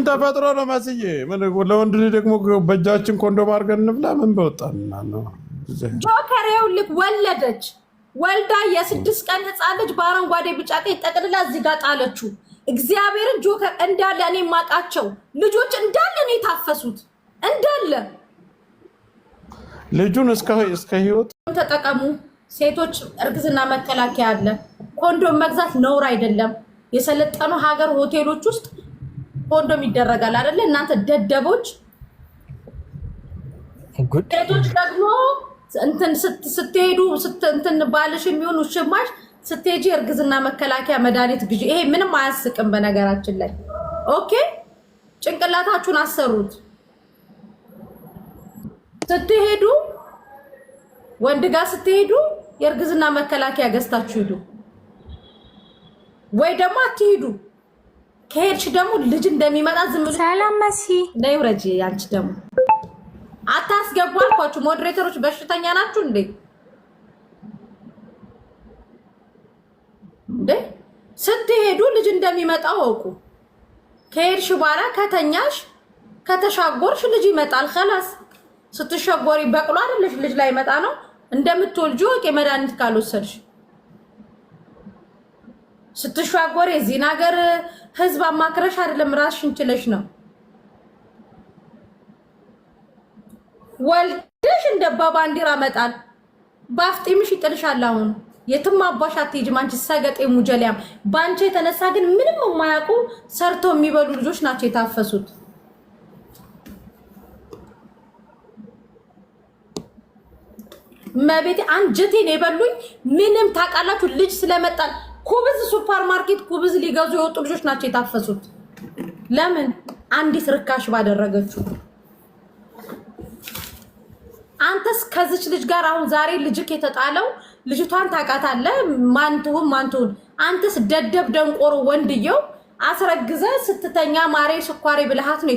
ምን ተፈጥሮ ነው መስዬ? ለወንድ ልጅ ደግሞ በእጃችን ኮንዶም አድርገን እንብላ። ምን በወጣን ነው ጆከር። ይኸውልህ ወለደች፣ ወልዳ የስድስት ቀን ህፃን ልጅ በአረንጓዴ ቢጫ ቀይ ጠቅልላ እዚህ ጋር ጣለችው። እግዚአብሔርን ጆከር እንዳለ እኔ ማቃቸው ልጆች እንዳለ ነው የታፈሱት እንዳለ ልጁን እስከ ህይወት ተጠቀሙ። ሴቶች እርግዝና መከላከያ አለ። ኮንዶም መግዛት ነውር አይደለም። የሰለጠኑ ሀገር ሆቴሎች ውስጥ ኮንዶም ይደረጋል አይደለ? እናንተ ደደቦች ሴቶች ደግሞ እንትን ስትሄዱ እንትን ባልሽ የሚሆን ውሽማሽ ስትሄጂ እርግዝና መከላከያ መድኃኒት ግዢ። ይሄ ምንም አያስቅም በነገራችን ላይ ኦኬ። ጭንቅላታችሁን አሰሩት። ስትሄዱ ወንድ ጋር ስትሄዱ የእርግዝና መከላከያ ገዝታችሁ ሂዱ፣ ወይ ደግሞ አትሂዱ። ከሄድሽ ደግሞ ልጅ እንደሚመጣ ዝም ብሎ ሰላም መሲ ነይ ውረጂ። አንቺ ደግሞ አታስገቡ አልኳችሁ። ሞዴሬተሮች በሽተኛ ናችሁ እንዴ? እንዴ ስትሄዱ ልጅ እንደሚመጣ ወቁ። ከሄድሽ በኋላ ከተኛሽ ከተሻጎርሽ ልጅ ይመጣል። ከላስ ስትሸጎሪ በቅሎ አይደለሽ ልጅ ላይ ይመጣ ነው። እንደምትወልጂ ወቂ፣ መድኃኒት ካልወሰድሽ ስትሻጎር የዚህን ሀገር ህዝብ አማክረሽ አይደለም፣ ራስሽን ችለሽ ነው ወልደሽ እንደ ባ ባንዲራ መጣል በአፍጢምሽ ይጥልሻል። አሁን የትም አባሽ አትሄጂም አንቺ ሰገጤ ሙጀሊያም። በአንቺ የተነሳ ግን ምንም የማያውቁ ሰርቶ የሚበሉ ልጆች ናቸው የታፈሱት። መቤቴ አንጀቴን የበሉኝ ምንም ታውቃላችሁ። ልጅ ስለመጣል ኩብዝ ሱፐር ማርኬት ኩብዝ ሊገዙ የወጡ ልጆች ናቸው የታፈሱት። ለምን አንዲት ርካሽ ባደረገችው። አንተስ ከዚች ልጅ ጋር አሁን ዛሬ ልጅክ የተጣለው ልጅቷን ታውቃታለህ፣ ማንትሁን ማንትሁን። አንተስ ደደብ ደንቆሮ ወንድየው አስረግዘ ስትተኛ ማሬ ስኳሬ ብልሃት ነው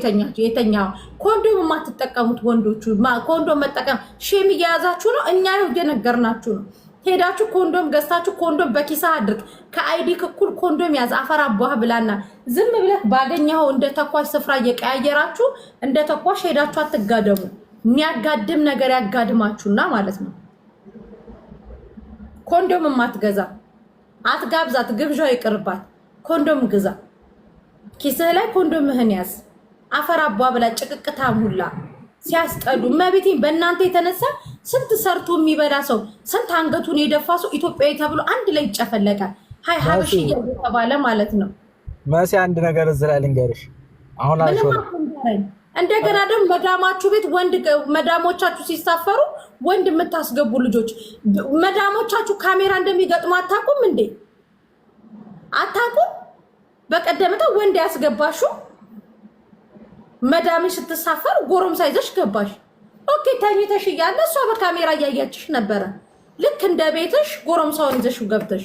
የተኛው። ኮንዶም የማትጠቀሙት ወንዶቹ ኮንዶም መጠቀም ሼም እየያዛችሁ ነው። እኛ የነገርናችሁ ነው። ሄዳችሁ ኮንዶም ገዝታችሁ ኮንዶም በኪሳ አድርግ፣ ከአይዲ እኩል ኮንዶም ያዝ፣ አፈር አቧህ ብላና ዝም ብለህ ባገኘኸው እንደ ተኳሽ ስፍራ እየቀያየራችሁ እንደ ተኳሽ ሄዳችሁ አትጋደሙ። የሚያጋድም ነገር ያጋድማችሁና ማለት ነው። ኮንዶም አትገዛ፣ አትጋብዛት፣ ግብዣ ይቅርባት። ኮንዶም ግዛ፣ ኪስህ ላይ ኮንዶምህን ያዝ፣ አፈር አቧህ ብላ ጭቅቅታ ሙላ። ሲያስጠሉ መቤቴን በእናንተ የተነሳ ስንት ሰርቶ የሚበላ ሰው ስንት አንገቱን የደፋ ሰው ኢትዮጵያዊ ተብሎ አንድ ላይ ይጨፈለቀ ሀይ ሀበሽ እየተባለ ማለት ነው። መሲ አንድ ነገር እዚህ ላይ ልንገርሽ። አሁን እንደገና ደግሞ መዳማችሁ ቤት ወንድ መዳሞቻችሁ ሲሳፈሩ ወንድ የምታስገቡ ልጆች መዳሞቻችሁ ካሜራ እንደሚገጥሙ አታውቁም እንዴ? አታውቁም? በቀደምታ ወንድ ያስገባሹ መዳሚ ስትሳፈር ጎረምሳ ይዘሽ ገባሽ። ኦኬ ተኝተሽ እያለ እሷ በካሜራ እያያችሽ ነበረ። ልክ እንደ ቤትሽ ጎረምሳውን ይዘሽ ገብተሽ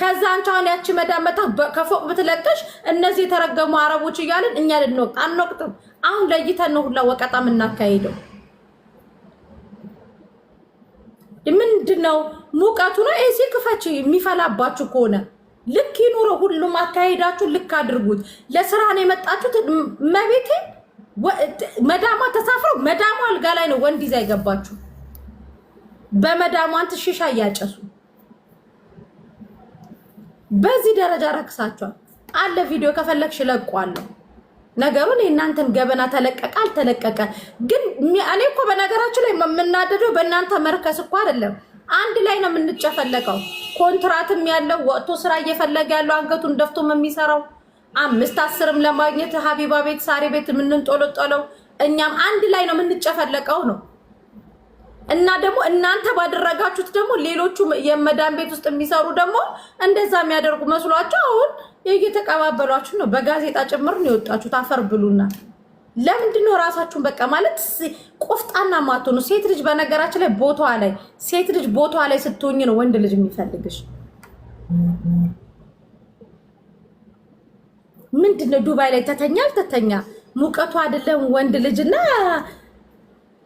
ከዛ አንቺ አሁን ያቺ መዳመታ ከፎቅ ብትለቀሽ እነዚህ የተረገሙ አረቦች እያለን እኛ ልንወቅጥ አንወቅጥም። አሁን ለይተን ነው ሁላ ወቀጣ የምናካሄደው። ምንድን ነው ሙቀቱ ነው። ኤሲ ክፈች የሚፈላባችሁ ከሆነ ልክ ይኑረው። ሁሉም አካሄዳችሁ ልክ አድርጉት። ለስራ ነው የመጣችሁት። መቤቴ መዳሟ ተሳፍረው መዳሟ አልጋ ላይ ነው ወንድ ይዛ የገባችሁ። በመዳሟ እንትን እያጨሱ በዚህ ደረጃ ረክሳችኋል። አለ ቪዲዮ ከፈለግሽ እለቀዋለሁ። ነገሩን የእናንተን ገበና ተለቀቀ አልተለቀቀ ግን እኔ እኮ በነገራችሁ ላይ የምናደደው በእናንተ መርከስ እኮ አይደለም አንድ ላይ ነው የምንጨፈለቀው። ኮንትራትም ያለው ወጥቶ ስራ እየፈለገ ያለው አንገቱን ደፍቶም የሚሰራው አምስት አስርም ለማግኘት ሀቢባ ቤት ሳሪ ቤት የምንንጦለጠለው እኛም አንድ ላይ ነው የምንጨፈለቀው ነው። እና ደግሞ እናንተ ባደረጋችሁት ደግሞ ሌሎቹ የመዳን ቤት ውስጥ የሚሰሩ ደግሞ እንደዛ የሚያደርጉ መስሏቸው አሁን እየተቀባበሏችሁ ነው። በጋዜጣ ጭምር ነው የወጣችሁት። አፈር ብሉና ለምንድን ነው ራሳችሁን በቃ ማለት ቆፍጣና ማትሆኑ? ሴት ልጅ በነገራችን ላይ ቦታ ላይ ሴት ልጅ ቦታ ላይ ስትሆኝ ነው ወንድ ልጅ የሚፈልግሽ። ምንድነው ነው ዱባይ ላይ ተተኛል ተተኛ ሙቀቱ አይደለም ወንድ ልጅና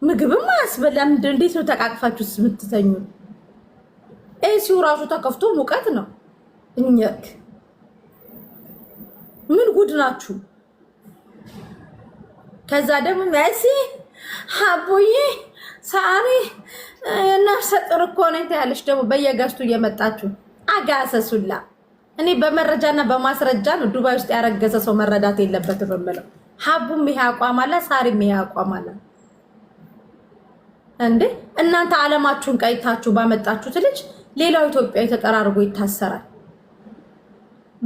ምግብም አያስበላም። እንዴት ነው ተቃቅፋችሁ የምትተኙ? ኤሲው ራሱ ተከፍቶ ሙቀት ነው። እኛክ ምን ጉድ ናችሁ? ከዛ ደግሞ መሲ አቡዬ ሳሪ ነፍሰ ጡር እኮ ነው ያለች። ደግሞ በየገዝቱ እየመጣችሁ አጋሰሱላ። እኔ በመረጃና በማስረጃ ነው። ዱባይ ውስጥ ያረገዘ ሰው መረዳት የለበትም የምለው። ሀቡም ይሄ አቋም አለ፣ ሳሪም ይሄ አቋም አለ። እንዴ እናንተ አለማችሁን ቀይታችሁ ባመጣችሁት ልጅ ሌላው ኢትዮጵያ ተጠራርጎ ይታሰራል።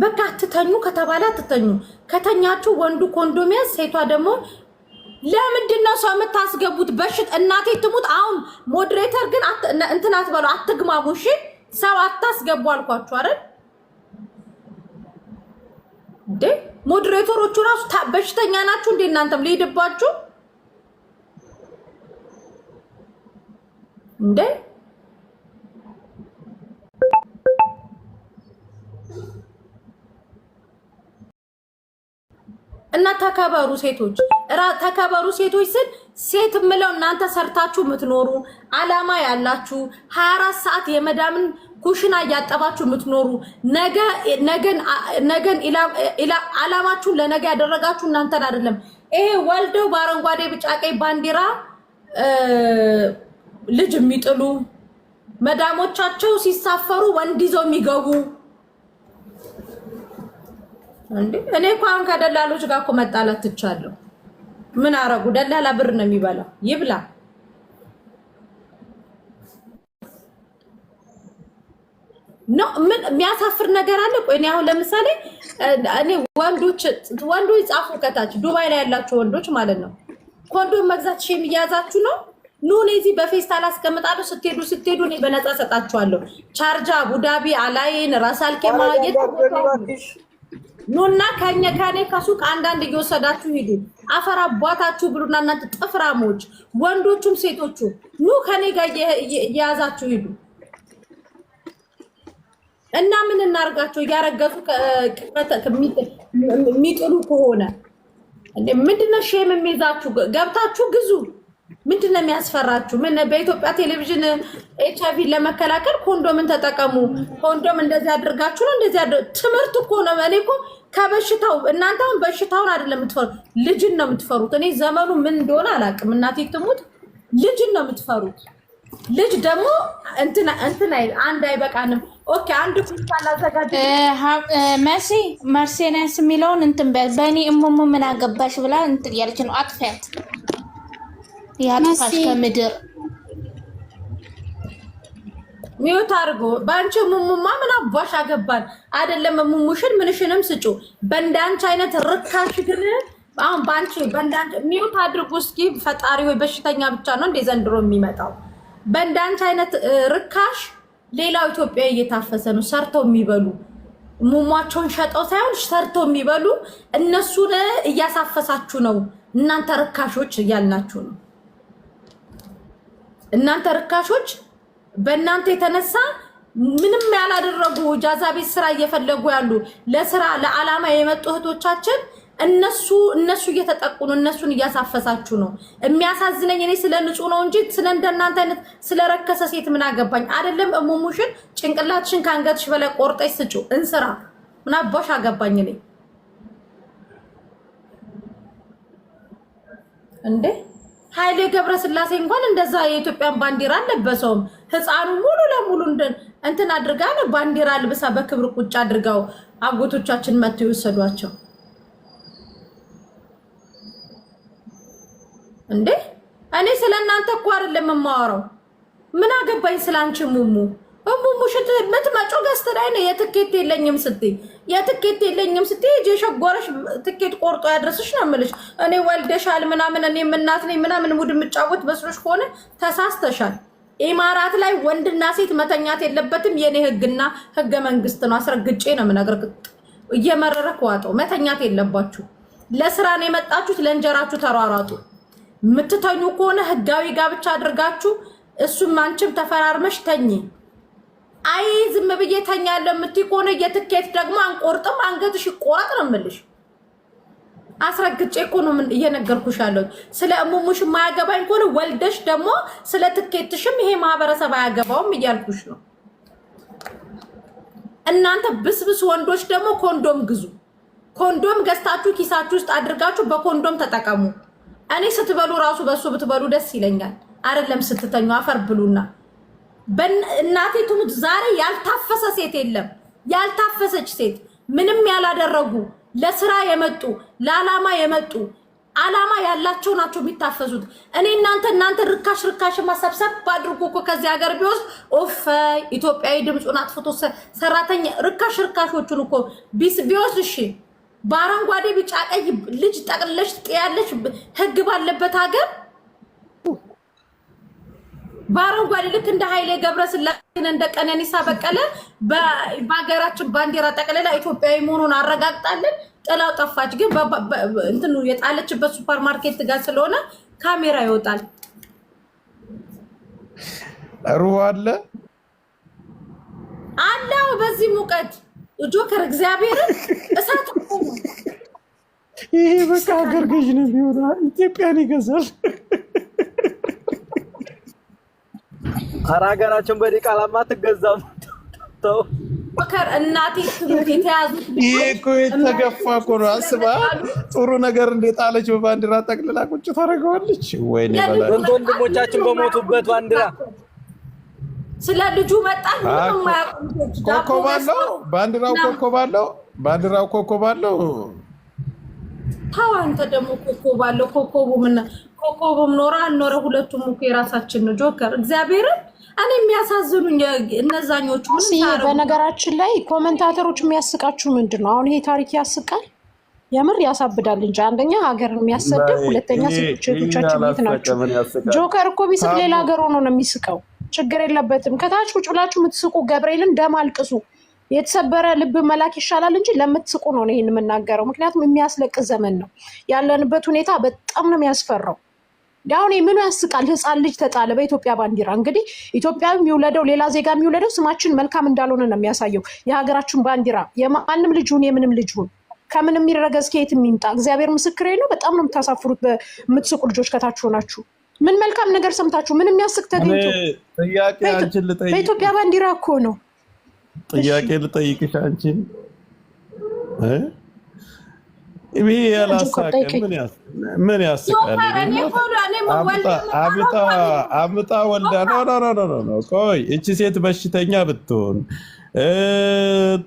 በቃ አትተኙ ከተባለ አትተኙ። ከተኛችሁ ወንዱ ኮንዶሚያስ፣ ሴቷ ደግሞ ለምንድን ነው ሰው የምታስገቡት? በሽት እናቴ ትሙት። አሁን ሞዴሬተር ግን እንትን አትበሉ፣ አትግማሙ። እሺ ሰው አታስገቡ አልኳችሁ አይደል እንዴ? ሞዴሬተሮቹ ራሱ በሽተኛ ናችሁ እንዴ? እናንተም ሊሄድባችሁ እንዴ? እና ተከበሩ ሴቶች፣ ተከበሩ ሴቶች ስል ሴት ምለው እናንተ ሰርታችሁ የምትኖሩ አላማ ያላችሁ 24 ሰዓት የመዳምን ኩሽና እያጠባችሁ የምትኖሩ ነገን አላማችሁን ለነገ ያደረጋችሁ እናንተን አይደለም። ይሄ ወልደው በአረንጓዴ ቢጫ ቀይ ባንዲራ ልጅ የሚጥሉ መዳሞቻቸው ሲሳፈሩ ወንድ ይዘው የሚገቡ እንዴ እኔ እኮ አሁን ከደላሎች ጋር እኮ መጣላት ትቻለሁ። ምን አረጉ? ደላላ ብር ነው የሚበላው፣ ይብላ። ኖ ምን የሚያሳፍር ነገር አለ? ቆይ እኔ አሁን ለምሳሌ እኔ ወንዶች ወንዶ ይጻፉ ከታች ዱባይ ላይ ያላችሁ ወንዶች ማለት ነው ኮንዶም መግዛት ሼም እያያዛችሁ ነው። ኑን እኔ እዚህ በፌስታል አስቀምጣለሁ። ስትሄዱ ስትሄዱ እኔ በነፃ ሰጣችኋለሁ። ቻርጃ፣ አቡዳቢ፣ አላይን፣ ራስ አልኬማ ኑና ከኛ ከኔ ከሱቅ አንዳንድ እየወሰዳችሁ ሂዱ። አፈር አቧታችሁ ብሉና እናንተ ጥፍራሞች፣ ወንዶቹም ሴቶቹ ኑ ከኔ ጋር እየያዛችሁ ሂዱ እና ምን እናርጋቸው? እያረገዙ የሚጥሉ ከሆነ ምንድነው ሼም የሚይዛችሁ? ገብታችሁ ግዙ። ምንድን ነው የሚያስፈራችሁ? ምን በኢትዮጵያ ቴሌቪዥን ኤች አይቪ ለመከላከል ኮንዶምን ተጠቀሙ፣ ኮንዶም እንደዚህ አድርጋችሁ ነው እንደዚህ ትምህርት እኮ ነው። እኔ እኮ ከበሽታው እናንተ አሁን በሽታውን አይደለም የምትፈሩት፣ ልጅን ነው የምትፈሩት። እኔ ዘመኑ ምን እንደሆነ አላውቅም፣ እናቴ ትሙት፣ ልጅን ነው የምትፈሩት። ልጅ ደግሞ እንትና እንትን አንድ አይበቃንም። ኦኬ አንድ ኩንታል አዘጋጅ። መሲ መርሴናስ የሚለውን እንትን በእኔ እሙሙ ምን አገባሽ ብላ እንትን ያለች ነው አጥፊያት ያጥፋሽ ከምድር ሚዩት አድርጎ በአንቺ ሙሙማ ምን አቧሽ አገባን። አይደለም ሙሙሽን ምንሽንም ስጩ። በእንዳንቺ አይነት ርካሽ ግን አሁን በአንቺ በእንዳንቺ ሚዩት አድርጉ እስኪ ፈጣሪ ወይ በሽተኛ ብቻ ነው እንደ ዘንድሮ የሚመጣው። በእንዳንቺ አይነት ርካሽ ሌላው ኢትዮጵያ እየታፈሰ ነው። ሰርተው የሚበሉ ሙሟቸውን ሸጠው ሳይሆን ሰርተው የሚበሉ እነሱን እያሳፈሳችሁ ነው እናንተ ርካሾች እያልናችሁ ነው። እናንተ ርካሾች፣ በእናንተ የተነሳ ምንም ያላደረጉ ጃዛ ቤት ስራ እየፈለጉ ያሉ ለስራ ለዓላማ የመጡ እህቶቻችን እነሱ እነሱ እየተጠቁ ነው። እነሱን እያሳፈሳችሁ ነው። የሚያሳዝነኝ እኔ ስለ ንጹህ ነው እንጂ ስለ እንደናንተ አይነት ስለረከሰ ሴት ምን አገባኝ? አይደለም እሙሙሽን ጭንቅላትሽን ከአንገትሽ በላይ ቆርጠሽ ስጩ እንስራ። ምን አባሽ አገባኝ እኔ እንዴ ኃይሌ ገብረስላሴ እንኳን እንደዛ የኢትዮጵያን ባንዲራ አልለበሰውም። ህፃኑ ሙሉ ለሙሉ እንትን አድርጋ ነው ባንዲራ ልብሳ በክብር ቁጭ አድርገው አጎቶቻችን መጥተው የወሰዷቸው እንዴ። እኔ ስለ እናንተ እኮ አይደለም የማወራው። ምን አገባኝ ስለ አንቺ ሙሙ ሙሙ ሽት የመጨረሻው ገስት ላይ ነው የትኬት የለኝም ስትይ የትኬት የለኝም ስትይ ሂጅ የሸጎረሽ ትኬት ቆርጦ ያድረስሽ ነው የምልሽ። እኔ ወልደሻል ምናምን እኔ እናት ነኝ ምናምን ሙድ የምጫወት መስሎሽ ከሆነ ተሳስተሻል። ኢማራት ላይ ወንድና ሴት መተኛት የለበትም። የኔ ህግና ህገ መንግስት ነው፣ አስረግጬ ነው የምነግርህ። እየመረረ ከዋጠው መተኛት የለባችሁ። ለስራ ነው የመጣችሁት፣ ለእንጀራችሁ ተሯሯጡ። የምትተኙ ከሆነ ህጋዊ ጋብቻ አድርጋችሁ እሱም አንቺም ተፈራርመሽ ተኝ። አይ ዝም ብዬ ተኛለሁ የምትይ ከሆነ የትኬት ደግሞ አንቆርጥም፣ አንገትሽ ይቆረጥ ነው የምልሽ። አስረግጬ እኮ ነው እየነገርኩሽ ያለው። ስለ እሙሙሽ የማያገባኝ ከሆነ ወልደሽ ደግሞ ስለ ትኬትሽም ይሄ ማህበረሰብ አያገባውም እያልኩሽ ነው። እናንተ ብስብስ ወንዶች ደግሞ ኮንዶም ግዙ። ኮንዶም ገዝታችሁ ኪሳችሁ ውስጥ አድርጋችሁ በኮንዶም ተጠቀሙ። እኔ ስትበሉ ራሱ በሱ ብትበሉ ደስ ይለኛል። አይደለም ስትተኙ አፈር ብሉና እናቴቱ ዛሬ ያልታፈሰ ሴት የለም። ያልታፈሰች ሴት ምንም ያላደረጉ ለስራ የመጡ ለዓላማ የመጡ ዓላማ ያላቸው ናቸው የሚታፈሱት። እኔ እናንተ እናንተ ርካሽ ርካሽ ማሰብሰብ ባድርጎ እኮ ከዚህ ሀገር ቢወስድ ኦፍ ኢትዮጵያዊ ድምፁን አጥፍቶ ሰራተኛ ርካሽ ርካሾቹን እኮ ቢወስድ እሺ፣ በአረንጓዴ ቢጫ ቀይ ልጅ ጠቅለሽ ጥያለሽ ህግ ባለበት ሀገር በአረንጓዴ ልክ እንደ ኃይሌ ገብረስላሴን እንደ ቀነኒሳ በቀለ በሀገራችን ባንዲራ ጠቅልላ ኢትዮጵያዊ መሆኑን አረጋግጣለን። ጥላው ጠፋች። ግን እንትኑ የጣለችበት ሱፐር ማርኬት ጋር ስለሆነ ካሜራ ይወጣል። ሩህ አለ አላው በዚህ ሙቀት ጆከር እግዚአብሔርን እሳት ይሄ በቃ ሀገር ገዥ ነው ቢሆን ኢትዮጵያን ይገዛል። ኧረ ሀገራችን በዲቃላማ ትገዛም ተው መከር እናቴ ይሄ እኮ የተገፋ እኮ ነው። አስባ ጥሩ ነገር እንዴት አለች በባንዲራ ጠቅልላ ቁጭ ታደርገዋለች። ወይኔ በላት ወንድሞቻችን በሞቱበት ባንዲራ ስለ ልጁ መጣን ኮኮብ አለው ባንዲራው፣ ኮኮብ አለው ባንዲራው፣ ኮኮብ አለው ታው አንተ ደግሞ ኮኮብ አለ ኮኮቡ ምን ኮኮቡም ኖረ አልኖረ ሁለቱም እኮ የራሳችን ነው። ጆከር እግዚአብሔርን እኔ የሚያሳዝኑኝ እነዛኞቹ ምን። በነገራችን ላይ ኮመንታተሮች የሚያስቃችሁ ምንድን ነው? አሁን ይሄ ታሪክ ያስቃል፣ የምር ያሳብዳል እንጂ አንደኛ ሀገርን የሚያሰደብ ሁለተኛ ሴቶቻችን ቤት ናቸው። ጆከር እኮ ቢስቅ ሌላ ሀገር ሆኖ ነው የሚስቀው። ችግር የለበትም። ከታች ቁጭ ብላችሁ የምትስቁ ገብርኤልን ደም አልቅሱ። የተሰበረ ልብ መላክ ይሻላል እንጂ ለምትስቁ ነው ይህን የምናገረው። ምክንያቱም የሚያስለቅ ዘመን ነው ያለንበት። ሁኔታ በጣም ነው የሚያስፈራው። አሁን ምኑ ያስቃል? ህፃን ልጅ ተጣለ በኢትዮጵያ ባንዲራ። እንግዲህ ኢትዮጵያ የሚውለደው ሌላ ዜጋ የሚውለደው ስማችን መልካም እንዳልሆነ ነው የሚያሳየው። የሀገራችን ባንዲራ የማንም ልጅ ሁን የምንም ልጅ ሁን ከምንም የሚረገዝ ከየት የሚምጣ እግዚአብሔር ምስክሬ ነው። በጣም ነው የምታሳፍሩት በምትስቁ ልጆች ከታች ሆናችሁ ምን መልካም ነገር ሰምታችሁ ምን የሚያስቅ ተገኝቶ በኢትዮጵያ ባንዲራ እኮ ነው ጥያቄ ልጠይቅሽ አንቺን ይሄ ያላሳቀ ምን ያስቃል? አምጣ ወልዳ ነው። ቆይ እቺ ሴት በሽተኛ ብትሆን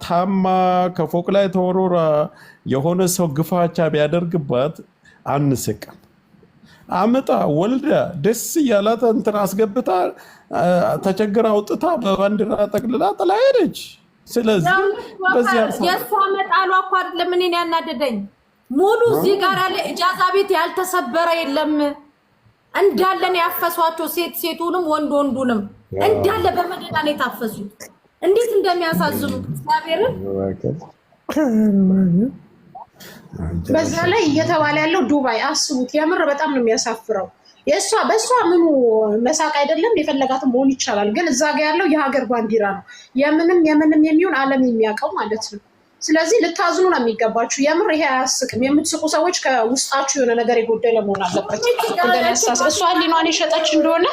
ታማ ከፎቅ ላይ ተወርውራ የሆነ ሰው ግፋቻ ቢያደርግባት አንስቅም። አምጣ ወልዳ ደስ እያላት እንትን አስገብታ ተቸግራ አውጥታ በባንዲራ ጠቅልላ ጥላ ሄደች። ስለዚህ የእሷ መጣሏ እኮ አይደለም እኔን ያናደደኝ። ሙሉ እዚህ ጋር ያለ እጃዛ ቤት ያልተሰበረ የለም እንዳለን ያፈሷቸው ሴት ሴቱንም ወንድ ወንዱንም እንዳለ በመደዳ ነው የታፈሱት። እንዴት እንደሚያሳዝኑ እግዚአብሔርን በዛ ላይ እየተባለ ያለው ዱባይ አስቡት። የምር በጣም ነው የሚያሳፍረው። የእሷ በእሷ ምኑ መሳቅ አይደለም፣ የፈለጋትም መሆን ይቻላል። ግን እዛ ጋ ያለው የሀገር ባንዲራ ነው። የምንም የምንም የሚሆን ዓለም የሚያውቀው ማለት ነው። ስለዚህ ልታዝኑ ነው የሚገባችሁ። የምር ይሄ አያስቅም። የምትስቁ ሰዎች ከውስጣችሁ የሆነ ነገር የጎደለ መሆን አለበት። እንደነሳስ እሷ ሊኗን የሸጠች እንደሆነ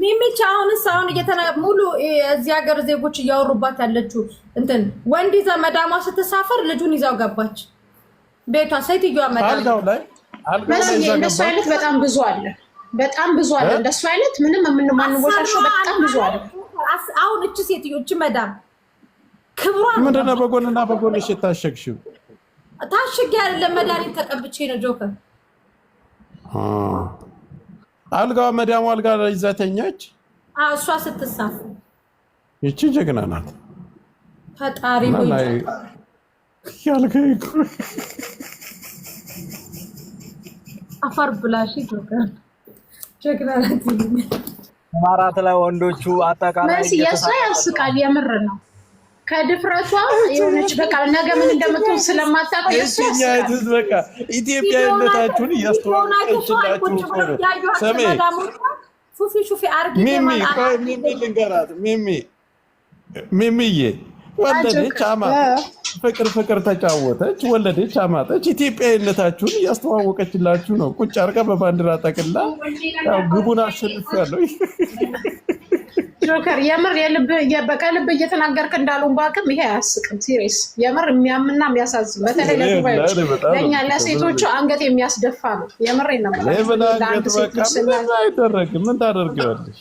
ሚሚች አሁን አሁን እየተና ሙሉ እዚህ ሀገር ዜጎች እያወሩባት ያለችው እንትን ወንድ ይዛ መዳሟ ስትሳፈር ልጁን ይዛው ገባች። ቤቷ ሴትዮዋ አልጋው እንደሱ አይነት በጣም ብዙ አለ። በጣም ብዙ አለ። እንደሱ አይነት ምንም የምንማንወሻሸው በጣም ብዙ አለ። አሁን እች ሴትዮ እቺ መዳም ክብሯ ምንድን ነው? በጎንና በጎንሽ የታሸግሽው ታሽግ ያለ መድኃኒት ተቀብቼ ነው ጆከር አልጋዋ መዳሙ አልጋ ላይ ይዛተኛች። እሷ ስትሳፍ ይቺ ጀግና ናት። ፈጣሪ ሆይ አፋር ብላሽ ይገርም ጀግራላት ማራት ላይ ወንዶቹ አጠቃላይ የእሷ ያስቃል። የምር ነው። ከድፍረቷ የሆነች በቃ ነገ ምን እንደምትሆን ስለማታውቅ እሱኛይትስ በቃ ኢትዮጵያዊነታችሁን እያስተዋወቀችላችሁ ሰሜ ሹፊ ሹፊ አርጊ ሚሚ ሚሚ ልንገራት ሚሚ ሚሚዬ ወለደች አማጠች፣ ፍቅር ፍቅር ተጫወተች፣ ወለደች አማጠች። ኢትዮጵያዊነታችሁን እያስተዋወቀችላችሁ ነው። ቁጭ አርጋ በባንዲራ ጠቅላ ግቡን አሸንፍ ያለው ጆከር የምር በቀልብ እየተናገርክ እንዳሉ ባክም ይሄ አያስቅም። ሲሪስ የምር የሚያምና የሚያሳዝን በተለይ ለእኛ ለሴቶቹ አንገት የሚያስደፋ ነው። የምር ይነበራል። አንገት በቃ አይደረግም። ምን ታደርገዋለሽ?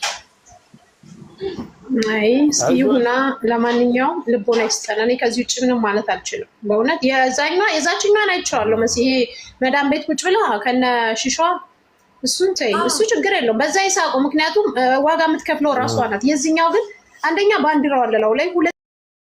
ይሁና። ለማንኛውም ልቦና ይስጠን። እኔ ከዚህ ውጭ ምንም ማለት አልችልም። በእውነት የዛኛ ቤት ቁጭ ብላ ከነ ሽሿ እሱን ተይ፣ እሱ ችግር የለውም በዛ ይሳቁ። ምክንያቱም ዋጋ የምትከፍለው ራሷ ናት። የዚኛው ግን አንደኛ ባንዲራው አለላው ላይ፣